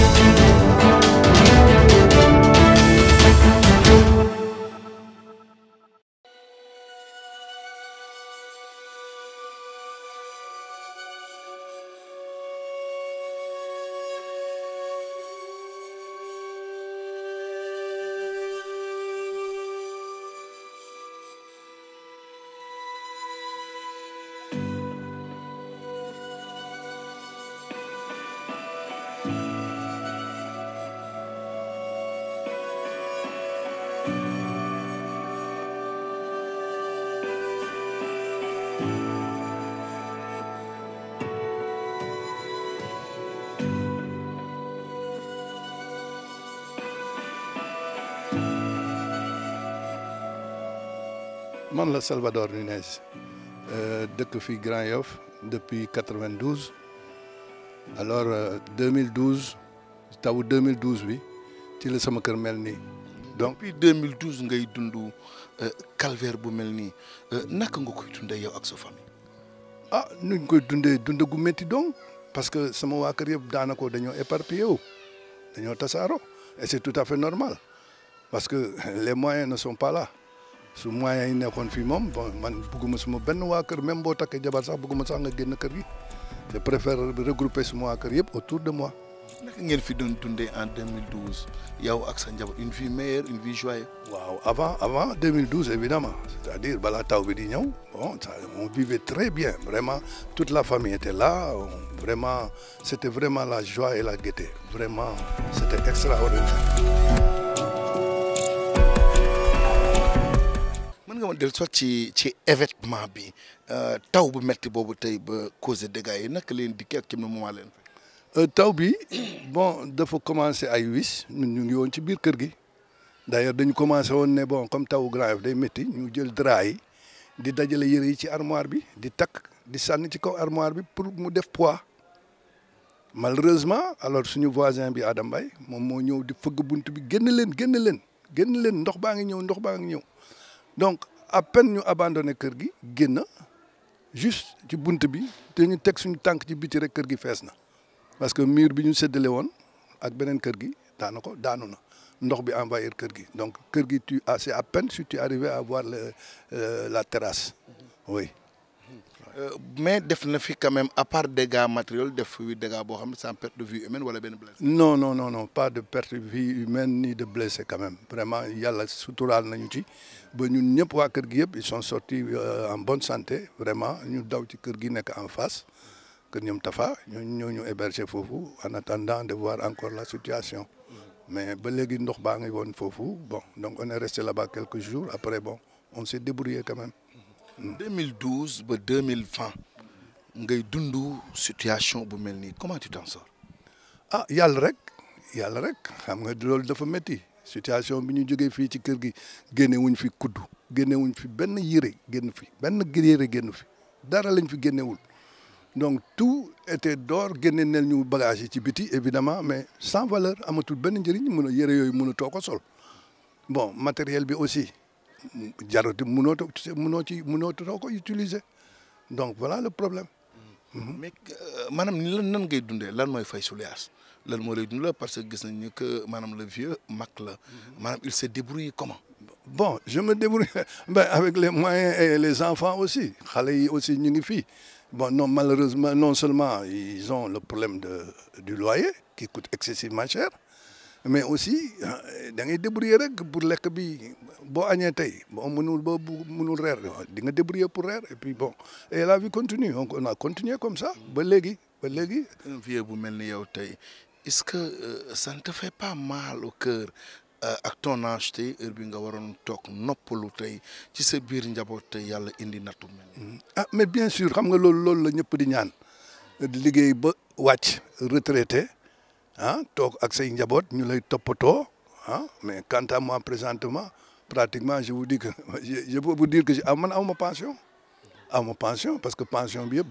Thank you. man la Salvador Nunez euh, fi Grand depuis 92 alors 2012 tawu 2012 bi ci la sama kër mel donc depuis 2012 ngay dund euh, calvaire bu mel nii euh, nak nga koy dundé yow ak sa famille. ah nuñ koy dundé dund gu metti donc parce que sama wa kër yeb danako dañoo éparpillé wu dañoo et c'est tout à fait normal parce que les moyens ne sont pas là su moyens yi nekkoon fii moom bon man bëgguma suma benn waa kër même boo takkee jabar sax bëgguma sax nga génn kër gi je préfère regrouper suma waa kër yëpp autour de moi. naka ngeen fi doon dundee en 2012 yow ak sa njaboot une vie meilleure une vie joyeuse. waaw avant avant 2012 évidemment c'est-à-dire bala taw bi di ñëw bon ça on vivait très bien vraiment toute la famille était là vraiment c'était vraiment la joie et la gaieté vraiment c'était extraordinaire. mën nga ma del soit ci ci événement bi euh, taw bu metti boobu tey ba causé dégâts yi naka leen di moment euh, taw bon dafa commencé ay wis ñun ñu ngi woon ci biir kër gi d'ailleurs dañu commencé woon bon comme tawu Grand day métti ñu jël di dajale ci armoire bi di takk di pour mu def poids malheureusement alors suñu voisin bi Adam nous moom moo ñëw di fëgg bunt bi génn ndox ndox donc à peine ñu abandonné kër gi génn juste ci bunt bi te ñu teg suñu tànk ci biti rek kër gi na parce que mur bi ñu de woon ak Benen kër gi daana ko ndox bi envahir kër gi donc kër gi tu c'est à peine si tu arrivé à voir le euh, la terrasse oui euh, mais def na fi quand même à part dégâts matériels def fi dégâts bo xam sans perte de vie humaine wala ben blessé. non non non non pas de perte de vie humaine ni de blessé quand même vraiment yalla a nañu ci ba ñun ñëpp wa kër gi yëpp ils sont sortis euh, en bonne santé vraiment ñu daw ci kër gi nek en face que ñom Tafa ñoo ñu héberger fofu en attendant de voir encore la situation mais ba légui ndox ba ngi won fofu bon donc on est resté là-bas quelques jours après bon on s'est débrouillé quand même. 2012 ba 2020 ngay dundou situation bu melni comment tu t'en sors. ah yàlla rek yàlla rek xam nga loolu dafa metti situation bi ñu jógee fii ci kër gi génne wuñ fi kuddu génne wuñ fi ben yére génn fi ben yére génn fi dara lañ fi wul donc tout était d'or génne nel ñu bagage ci biti évidemment mais sans valeur amatul ben jëriñ mëna a yére mëna toko sol bon matériel bi aussi jarut mënoo mënoo ci qui utiliser donc voilà le problème. Hmm. mais euh, maanaam ni lan nan ngay dundee lan mooy fay su liaas lan moo le parce que gis nañ que Madame le vieux la hmm. Madame, il se débrouille comment. bon je me débrouille ben avec les moyens et les enfants aussi Les aussi ngi bon non malheureusement non seulement ils ont le problème de du loyer qui coûte excessivement cher mais aussi euh, da ngay débrouiller rek pour lek bi bo agné tay boo mënul bo mënul rer di nga débrouiller pour rer et puis bon et la vie continue donc on a continué comme ça ba légui ba légui un vieux bu melni yow tay est-ce que euh, ça ne te fait pas mal au cœur euh, ak ton âge tay heure bi nga waroon tok noppalu tay ci sa biir njabot tay yalla indi natou mel. Mm. ah mais bien sûr xam nga loolu loolu la ñëpp di ñaan liggéey ba wacc retraité. Hein? Hein? mais quant à moi présentement pratiquement je vous dis que je vous dire que ah, pension pension parce que pension bon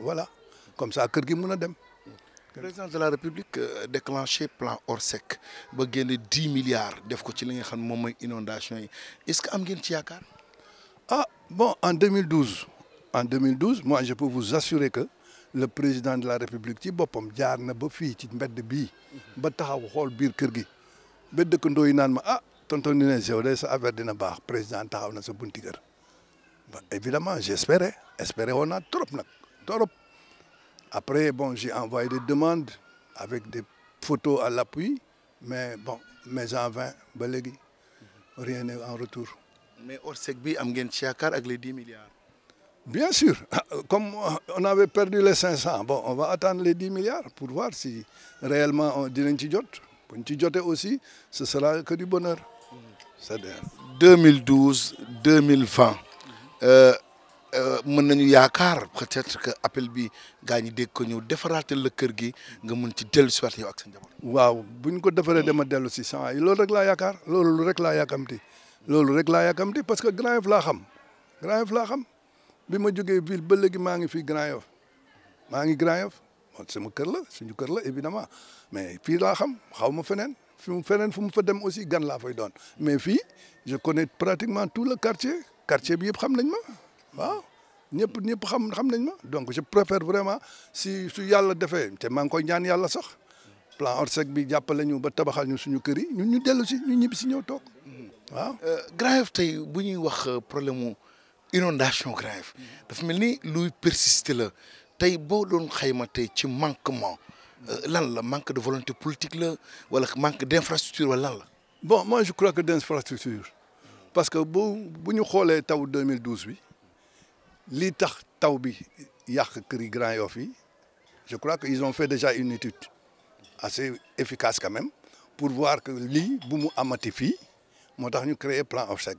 voilà comme ça président de la république euh, déclenché plan Orsec ba gagné 10 milliards def ko inondation est-ce que am ngeen ah bon en 2012 en 2012 moi je peux vous assurer que le président de la république ci Diarne, Bofi, na ba Bi, ci mbedd bii ba taxaw xool biir kër ah tonton Ninès yow day sa affaire président taxaw na sa bunti bah, évidemment j'espérais espérais on a trop trop après bon j'ai envoyé des demandes avec des photos à l'appui mais bon mais en vain ba rien n'est en retour mais ORSEC bi Chiakar, avec les 10 milliards Bien sûr, comme on avait perdu les 500, bon, on va attendre les 10 milliards pour voir si réellement on euh, dit une tijote. Pour une tijote aussi, ce sera que du bonheur. 2012, 2020, euh, euh, mën nañu peut-être que appel bi gaa ñi dégg ko ñëw le cœur kër gi nga mën ci dellu si waat yow ak sa njaboot. waaw bu ñu ko defaree dama dellu si sans ay loolu rek laa yaakaar loolu rek rek parce que Grand Yoff laa xam bi ma jógee ville ba léegi maa ngi fi Grand Yoff maa ngi Grand Yoff sama kër la suñu kër la évidemment mais fii laa xam xaw ma feneen fi mu feneen fu mu fa dem aussi gan laa fay doon mais fii je connais pratiquement tout le quartier quartier bi yëpp xam nañ ma waaw ñëpp ñëpp xam xam nañ ma donc je préfère vraiment si su yàlla defee te maa ngi koy ñaan yàlla sax plan Orsec bi jàppale ñu ba tabaxal ñu suñu kër yi ñun ñu dellu si ñu ñibbi si ñëw toog mm-hmm. waaw. Euh, Grand Yoff tey bu ñuy wax euh, problème inondation grave dafa mel ni persiste. persiste, la tey xayma euh, manque de volonté politique ou wala manque d'infrastructure bon moi je crois que d'infrastructure, parce que bu bu ñu xoolee taw 2012 bi qui tax taw bi Grand je crois qu'ils ils ont fait déjà une étude assez efficace quand même pour voir que ce bu mu amati fii moo ñu plan OFSEC